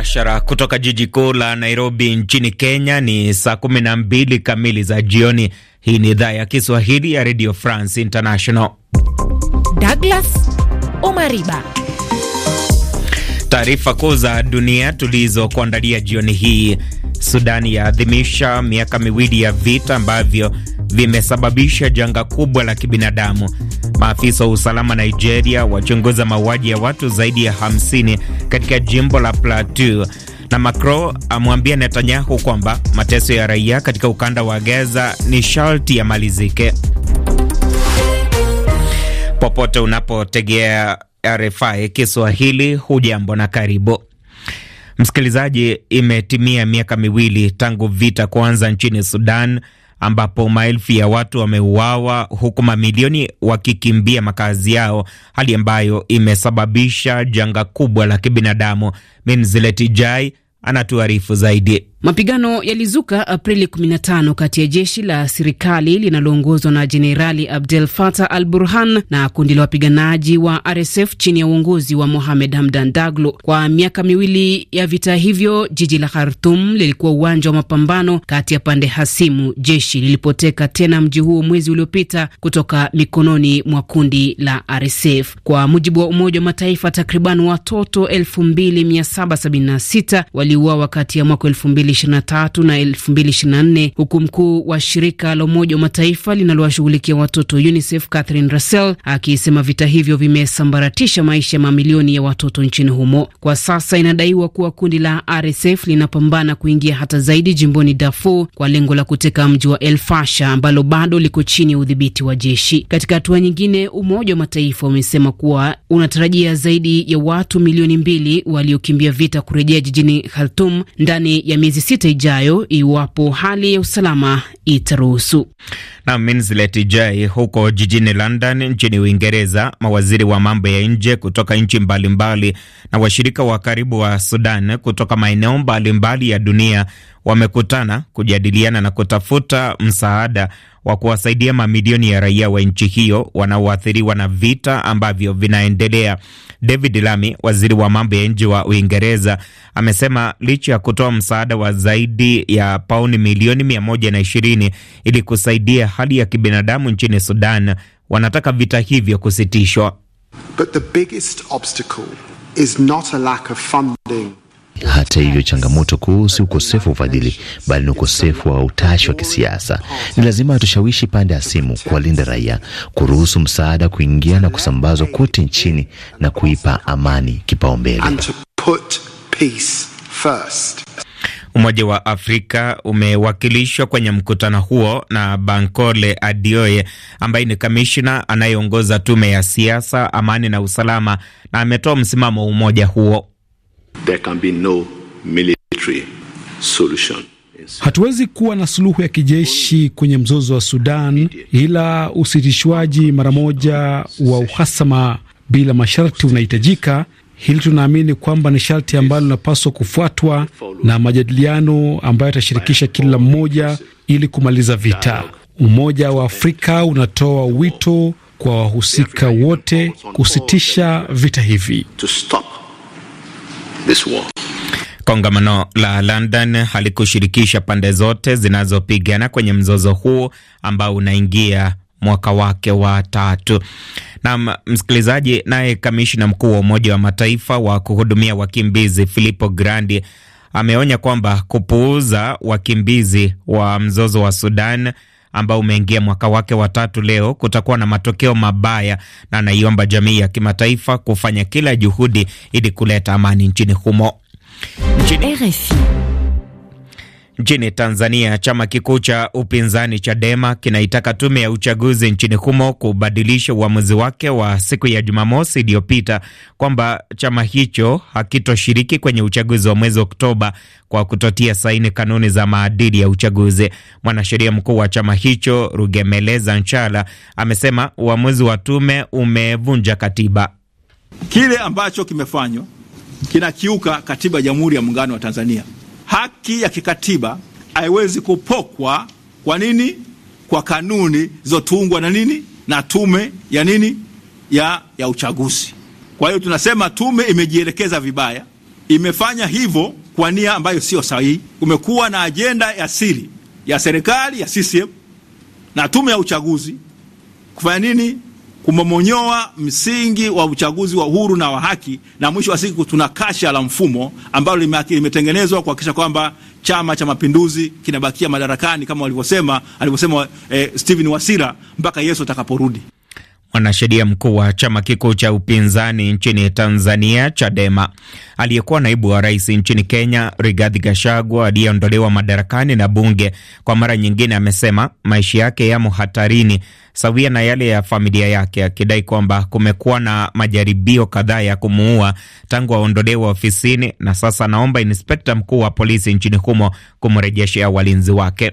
mubashara kutoka jiji kuu la Nairobi nchini Kenya. Ni saa kumi na mbili kamili za jioni. Hii ni idhaa ya Kiswahili ya Radio France International. Douglas Omariba, taarifa kuu za dunia tulizokuandalia jioni hii. Sudani yaadhimisha miaka miwili ya vita ambavyo vimesababisha janga kubwa la kibinadamu. Maafisa wa usalama Nigeria wachunguza mauaji ya watu zaidi ya 50 katika jimbo la Plateau na Macron amwambia Netanyahu kwamba mateso ya raia katika ukanda wa Gaza ni sharti yamalizike. Popote unapotegea RFI Kiswahili, hujambo na karibu msikilizaji. Imetimia miaka miwili tangu vita kuanza nchini Sudan, ambapo maelfu ya watu wameuawa huku mamilioni wakikimbia makazi yao, hali ambayo imesababisha janga kubwa la kibinadamu. Minzileti Jai anatuarifu zaidi. Mapigano yalizuka Aprili 15 kati ya jeshi la serikali linaloongozwa na Jenerali Abdel Fattah al Burhan na kundi la wapiganaji wa RSF chini ya uongozi wa Mohamed Hamdan Daglo. Kwa miaka miwili ya vita hivyo, jiji la Khartum lilikuwa uwanja wa mapambano kati ya pande hasimu. Jeshi lilipoteka tena mji huo mwezi uliopita kutoka mikononi mwa kundi la RSF. Kwa mujibu wa Umoja wa Mataifa, takriban watoto 2776 waliuawa kati ya mwaka 2023 na 2024, huku mkuu wa shirika la Umoja wa Mataifa linalowashughulikia watoto UNICEF Catherine Russell akisema vita hivyo vimesambaratisha maisha ya mamilioni ya watoto nchini humo. Kwa sasa inadaiwa kuwa kundi la RSF linapambana kuingia hata zaidi jimboni Darfur kwa lengo la kuteka mji wa El Fasha ambalo bado liko chini ya udhibiti wa jeshi. Katika hatua nyingine, Umoja wa Mataifa umesema kuwa unatarajia zaidi ya watu milioni mbili waliokimbia vita kurejea jijini Khartoum ndani ya miezi miezi sita ijayo iwapo hali ya usalama itaruhusu. Na Minslet Jai huko jijini London nchini Uingereza, mawaziri wa mambo ya nje kutoka nchi mbalimbali na washirika wa karibu wa Sudan kutoka maeneo mbalimbali ya dunia wamekutana kujadiliana na kutafuta msaada wa kuwasaidia mamilioni ya raia wa nchi hiyo wanaoathiriwa na vita ambavyo vinaendelea. David Lamy, waziri wa mambo ya nje wa Uingereza, amesema licha ya kutoa msaada wa zaidi ya pauni milioni 120 ili kusaidia hali ya kibinadamu nchini Sudan, wanataka vita hivyo kusitishwa. But the biggest obstacle is not a lack of funding. Hata hivyo, changamoto kuu si ukosefu wa ufadhili, bali ni ukosefu wa utashi wa kisiasa. Ni lazima hatushawishi pande ya simu kuwalinda raia, kuruhusu msaada kuingia na kusambazwa kote nchini, na kuipa amani kipaumbele. Umoja wa Afrika umewakilishwa kwenye mkutano huo na Bankole Adioye ambaye ni kamishna anayeongoza tume ya siasa, amani na usalama, na ametoa msimamo wa umoja huo. There can be no military solution. Hatuwezi kuwa na suluhu ya kijeshi kwenye mzozo wa Sudan ila usitishwaji mara moja wa uhasama bila masharti unahitajika. Hili tunaamini kwamba ni sharti ambalo linapaswa kufuatwa na majadiliano ambayo yatashirikisha kila mmoja ili kumaliza vita. Umoja wa Afrika unatoa wito kwa wahusika wote kusitisha vita hivi this war. Kongamano la London halikushirikisha pande zote zinazopigana kwenye mzozo huu ambao unaingia mwaka wake wa tatu. nam msikilizaji, naye kamishna mkuu wa Umoja wa Mataifa wa kuhudumia wakimbizi Filippo Grandi ameonya kwamba kupuuza wakimbizi wa mzozo wa Sudan ambao umeingia mwaka wake watatu leo, kutakuwa na matokeo mabaya, na anaiomba jamii ya kimataifa kufanya kila juhudi ili kuleta amani nchini humo. Nchini... RFI. Nchini Tanzania, chama kikuu cha upinzani Chadema kinaitaka tume ya uchaguzi nchini humo kubadilisha uamuzi wake wa siku ya Jumamosi iliyopita kwamba chama hicho hakitoshiriki kwenye uchaguzi wa mwezi Oktoba kwa kutotia saini kanuni za maadili ya uchaguzi. Mwanasheria mkuu wa chama hicho Rugemeleza Nchala amesema uamuzi wa tume umevunja katiba. Kile ambacho kimefanywa kinakiuka katiba ya Jamhuri ya Muungano wa Tanzania haki ya kikatiba haiwezi kupokwa. Kwa nini? Kwa kanuni zilizotungwa na nini na tume ya nini ya, ya uchaguzi. Kwa hiyo tunasema tume imejielekeza vibaya, imefanya hivyo kwa nia ambayo sio sahihi. Kumekuwa na ajenda ya siri ya serikali ya CCM na tume ya uchaguzi kufanya nini kumomonyoa msingi wa uchaguzi wa uhuru na wa haki, na mwisho wa siku tuna kasha la mfumo ambalo limetengenezwa kuhakikisha kwamba Chama cha Mapinduzi kinabakia madarakani kama walivyosema alivyosema eh, Steven Wasira mpaka Yesu atakaporudi. Mwanasheria mkuu wa chama kikuu cha upinzani nchini Tanzania, Chadema, aliyekuwa naibu wa rais nchini Kenya, Rigathi Gachagua, aliyeondolewa madarakani na bunge kwa mara nyingine, amesema maisha yake yamo hatarini sawia na yale ya familia yake, akidai kwamba kumekuwa na majaribio kadhaa ya kumuua tangu aondolewa ofisini, na sasa anaomba inspekta mkuu wa polisi nchini humo kumrejeshea walinzi wake.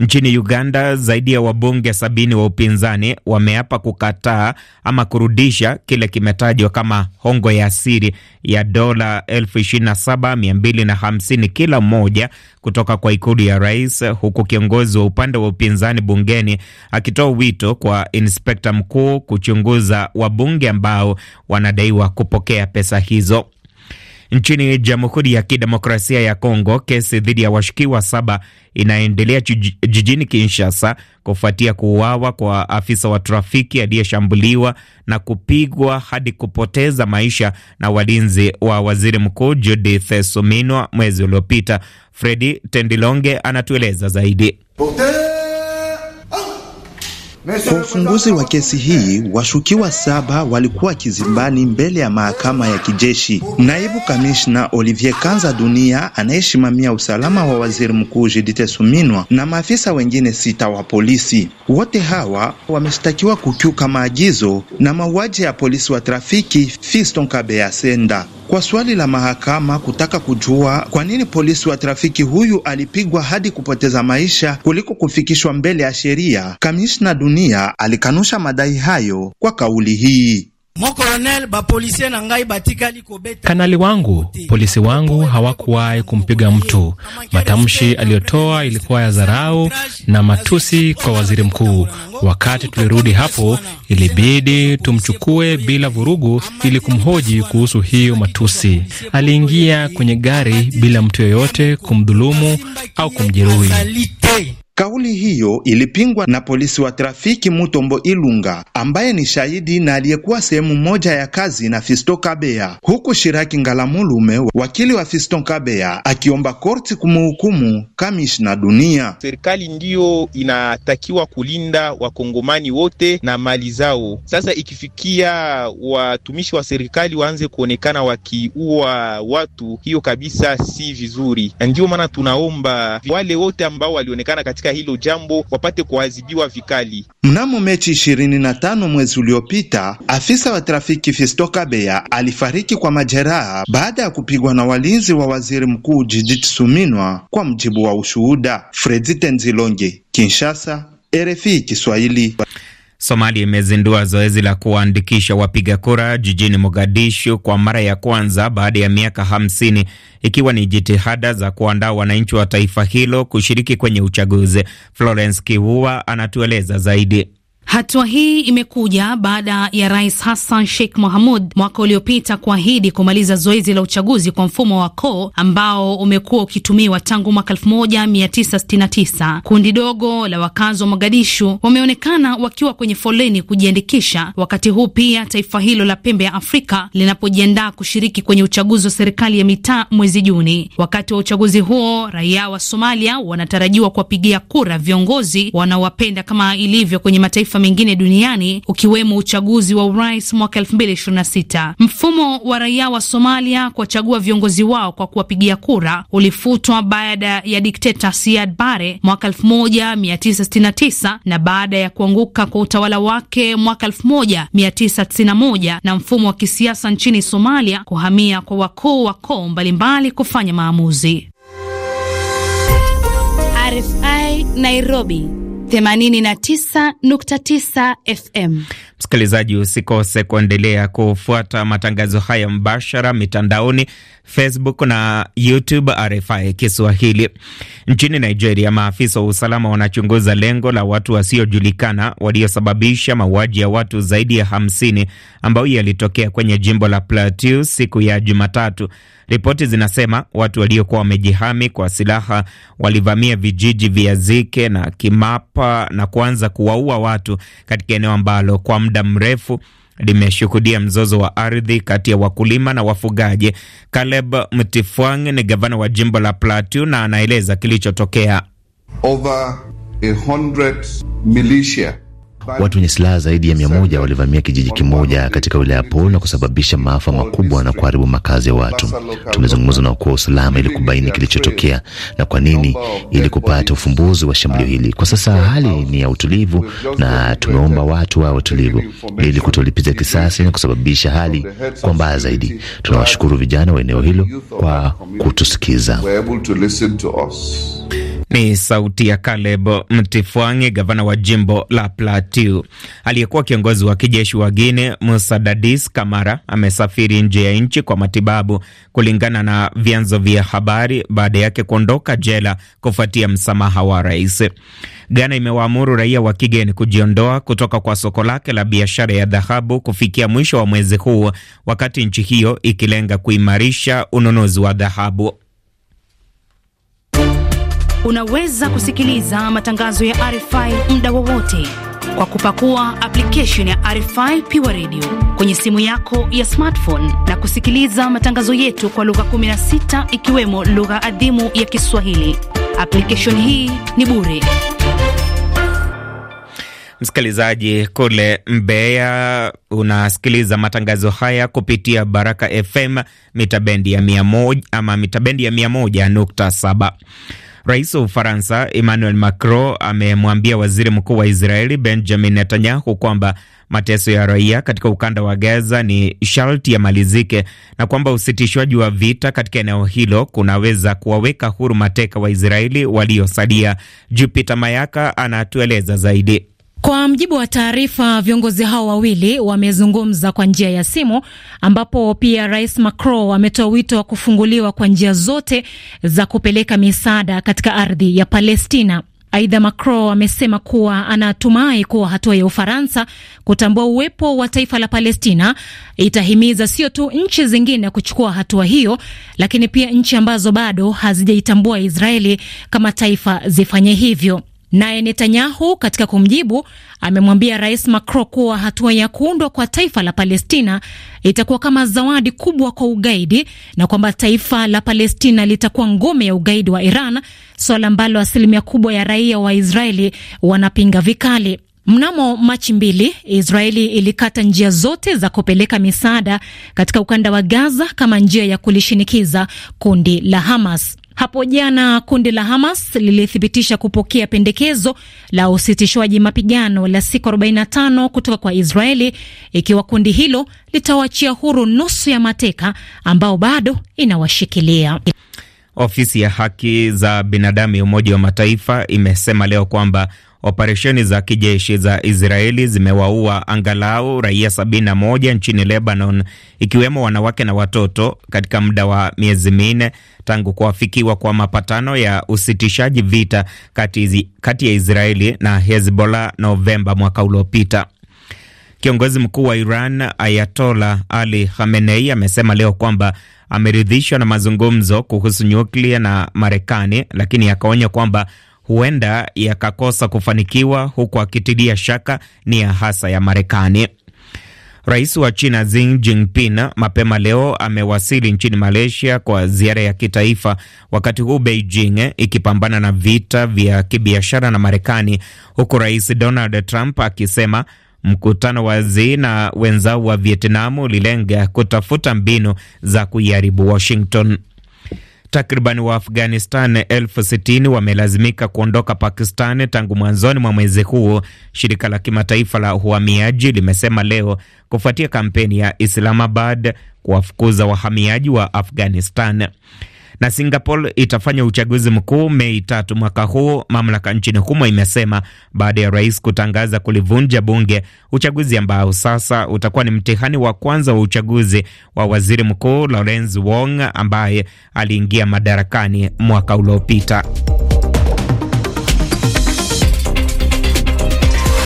Nchini Uganda, zaidi ya wabunge sabini wa upinzani wameapa kukataa ama kurudisha kile kimetajwa kama hongo ya siri ya dola elfu ishirini na saba mia mbili na hamsini kila mmoja kutoka kwa ikulu ya rais, huku kiongozi wa upande wa upinzani bungeni akitoa wito kwa inspekta mkuu kuchunguza wabunge ambao wanadaiwa kupokea pesa hizo. Nchini Jamhuri ya Kidemokrasia ya Kongo, kesi dhidi ya washukiwa saba inaendelea jijini Kinshasa kufuatia kuuawa kwa afisa wa trafiki aliyeshambuliwa na kupigwa hadi kupoteza maisha na walinzi wa waziri mkuu Judith Suminwa mwezi uliopita. Fredi Tendilonge anatueleza zaidi. Pote! Kwa ufunguzi wa kesi hii, washukiwa saba walikuwa kizimbani mbele ya mahakama ya kijeshi. Naibu kamishna Olivier Kanza Dunia anayeshimamia usalama wa waziri mkuu Judith Suminwa na maafisa wengine sita wa polisi. Wote hawa wameshtakiwa kukiuka maagizo na mauaji ya polisi wa trafiki Fiston Kabeya Senda. Kwa swali la mahakama kutaka kujua kwa nini polisi wa trafiki huyu alipigwa hadi kupoteza maisha kuliko kufikishwa mbele ya sheria, kamishna Dunia Tanzania alikanusha madai hayo kwa kauli hii. Kanali wangu, polisi wangu hawakuwahi kumpiga mtu. Matamshi aliyotoa ilikuwa ya dharau na matusi kwa waziri mkuu. Wakati tulirudi hapo, ilibidi tumchukue bila vurugu ili kumhoji kuhusu hiyo matusi. Aliingia kwenye gari bila mtu yoyote kumdhulumu au kumjeruhi. Kauli hiyo ilipingwa na polisi wa trafiki Mutombo Ilunga ambaye ni shahidi na aliyekuwa sehemu moja ya kazi na fisto Kabea, huku Shiraki Ngalamulume, wakili wa Fiston Kabea, akiomba korti kamish kamishna Dunia. Serikali ndiyo inatakiwa kulinda wakongomani wote na mali zao. Sasa ikifikia watumishi wa serikali waanze kuonekana wakiua watu, hiyo kabisa si vizuri, na ndiyo maana tunaomba wale wote ambao walionekana katika katika hilo jambo wapate kuadhibiwa vikali. Mnamo Mechi 25 mwezi uliopita, afisa wa trafiki Fisto Kabeya alifariki kwa majeraha baada ya kupigwa na walinzi wa waziri mkuu jijit Suminwa, kwa mjibu wa ushuhuda. Fredi Tenzilonge, Kinshasa, RFI Kiswahili. Somalia imezindua zoezi la kuwaandikisha wapiga kura jijini Mogadishu kwa mara ya kwanza baada ya miaka hamsini ikiwa ni jitihada za kuandaa wananchi wa taifa hilo kushiriki kwenye uchaguzi. Florence Kiwua anatueleza zaidi. Hatua hii imekuja baada ya Rais Hassan Sheikh Mohamud mwaka uliopita kuahidi kumaliza zoezi la uchaguzi kwa mfumo wa koo ambao umekuwa ukitumiwa tangu mwaka 1969. Kundi dogo la wakazi wa Mogadishu wameonekana wakiwa kwenye foleni kujiandikisha, wakati huu pia taifa hilo la pembe ya Afrika linapojiandaa kushiriki kwenye uchaguzi wa serikali ya mitaa mwezi Juni. Wakati wa uchaguzi huo, raia wa Somalia wanatarajiwa kuwapigia kura viongozi wanaowapenda kama ilivyo kwenye mataifa mataifa mengine duniani ukiwemo uchaguzi wa urais mwaka 2026. Mfumo wa raia wa Somalia kuwachagua viongozi wao kwa kuwapigia kura ulifutwa baada ya dikteta Siad Barre mwaka 1969 na baada ya kuanguka kwa utawala wake mwaka 1991 na mfumo wa kisiasa nchini Somalia kuhamia kwa wakuu wa koo mbalimbali kufanya maamuzi. RFI Nairobi 89.9 FM. Msikilizaji, usikose kuendelea kufuata matangazo haya mbashara mitandaoni, Facebook na YouTube, RFI Kiswahili. Nchini Nigeria, maafisa wa usalama wanachunguza lengo la watu wasiojulikana waliosababisha mauaji ya watu zaidi ya hamsini ambayo yalitokea kwenye jimbo la Plateau siku ya Jumatatu. Ripoti zinasema watu waliokuwa wamejihami kwa silaha walivamia vijiji vya Zike na Kimapa na kuanza kuwaua watu katika eneo ambalo kwa muda mrefu limeshuhudia mzozo wa ardhi kati ya wakulima na wafugaji. Caleb Mtifwang ni gavana wa jimbo la Plateau na anaeleza kilichotokea. Over 100 militia Watu wenye silaha zaidi ya mia moja walivamia kijiji kimoja katika wilaya Pol na kusababisha maafa makubwa na kuharibu makazi ya watu. Tumezungumza na ukuu wa usalama ili kubaini kilichotokea na kwa nini, ili kupata ufumbuzi wa shambulio hili. Kwa sasa hali ni ya utulivu, na tumeomba watu wawe watulivu ili kutolipiza kisasi na kusababisha hali kwa mbaya zaidi. Tunawashukuru vijana wa eneo hilo kwa kutusikiza. Ni sauti ya Caleb Mtifuangi, gavana wa jimbo la Plateau. Aliyekuwa kiongozi wa kijeshi wa Guine Musa Dadis Kamara amesafiri nje ya nchi kwa matibabu, kulingana na vyanzo vya habari, baada yake kuondoka jela kufuatia msamaha wa rais. Ghana imewaamuru raia wa kigeni kujiondoa kutoka kwa soko lake la biashara ya dhahabu kufikia mwisho wa mwezi huu, wakati nchi hiyo ikilenga kuimarisha ununuzi wa dhahabu. Unaweza kusikiliza matangazo ya RFI muda wowote kwa kupakua application ya RFI Pure Radio kwenye simu yako ya smartphone na kusikiliza matangazo yetu kwa lugha 16 ikiwemo lugha adhimu ya Kiswahili. Application hii ni bure. Msikilizaji kule Mbeya, unasikiliza matangazo haya kupitia Baraka FM mitabendi ya mia moja ama mitabendi ya mia moja nukta saba. Rais wa Ufaransa Emmanuel Macron amemwambia waziri mkuu wa Israeli Benjamin Netanyahu kwamba mateso ya raia katika ukanda wa Gaza ni sharti yamalizike na kwamba usitishwaji wa vita katika eneo hilo kunaweza kuwaweka huru mateka wa Israeli waliosalia. Jupiter Mayaka anatueleza zaidi. Kwa mjibu wa taarifa, viongozi hao wawili wamezungumza kwa njia ya simu, ambapo pia Rais Macron ametoa wito wa kufunguliwa kwa njia zote za kupeleka misaada katika ardhi ya Palestina. Aidha, Macron amesema kuwa anatumai kuwa hatua ya Ufaransa kutambua uwepo wa taifa la Palestina itahimiza sio tu nchi zingine kuchukua hatua hiyo, lakini pia nchi ambazo bado hazijaitambua Israeli kama taifa zifanye hivyo. Naye Netanyahu katika kumjibu amemwambia Rais Macron kuwa hatua ya kuundwa kwa taifa la Palestina itakuwa kama zawadi kubwa kwa ugaidi na kwamba taifa la Palestina litakuwa ngome ya ugaidi wa Iran, suala ambalo asilimia kubwa ya raia wa Israeli wanapinga vikali. Mnamo Machi mbili, Israeli ilikata njia zote za kupeleka misaada katika ukanda wa Gaza kama njia ya kulishinikiza kundi la Hamas. Hapo jana kundi la Hamas lilithibitisha kupokea pendekezo la usitishwaji mapigano la siku 45 kutoka kwa Israeli ikiwa kundi hilo litawachia huru nusu ya mateka ambao bado inawashikilia. Ofisi ya haki za binadamu ya Umoja wa Mataifa imesema leo kwamba Operesheni za kijeshi za Israeli zimewaua angalau raia 71 nchini Lebanon, ikiwemo wanawake na watoto katika muda wa miezi minne tangu kuafikiwa kwa mapatano ya usitishaji vita kati, kati ya Israeli na Hezbollah Novemba mwaka uliopita. Kiongozi mkuu wa Iran Ayatola Ali Khamenei amesema leo kwamba ameridhishwa na mazungumzo kuhusu nyuklia na Marekani, lakini akaonya kwamba huenda yakakosa kufanikiwa, huku akitilia shaka nia hasa ya Marekani. Rais wa China Xi Jinping mapema leo amewasili nchini Malaysia kwa ziara ya kitaifa, wakati huu Beijing ikipambana na vita vya kibiashara na Marekani, huku Rais Donald Trump akisema mkutano wa Xi na wenzao wa vietnamu ulilenga kutafuta mbinu za kuiharibu Washington. Takriban Waafghanistan elfu sitini wamelazimika kuondoka Pakistan tangu mwanzoni mwa mwezi huu, shirika la kimataifa la uhamiaji limesema leo, kufuatia kampeni ya Islamabad kuwafukuza wahamiaji wa Afghanistan na Singapore itafanya uchaguzi mkuu Mei tatu mwaka huu, mamlaka nchini humo imesema baada ya rais kutangaza kulivunja bunge, uchaguzi ambao sasa utakuwa ni mtihani wa kwanza wa uchaguzi wa waziri mkuu Lawrence Wong ambaye aliingia madarakani mwaka uliopita.